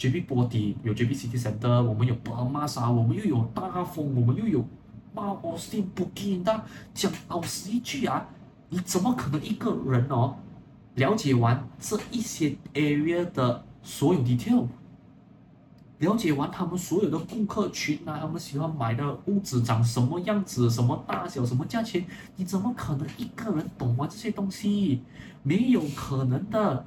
JB Body 有 JB City Center 我們有 Permas，我們又有大豐，我們又有 Mount Austin，Bukit Indah，講老實一句啊！你怎麼可能一個人哦？了解完這一些 area 的所有 detail，了解完他們所有的顧客群啊，他們喜歡買的屋子長什麼樣子，什麼大小，什麼價錢，你怎麼可能一個人懂完、啊、這些東西？沒有可能的。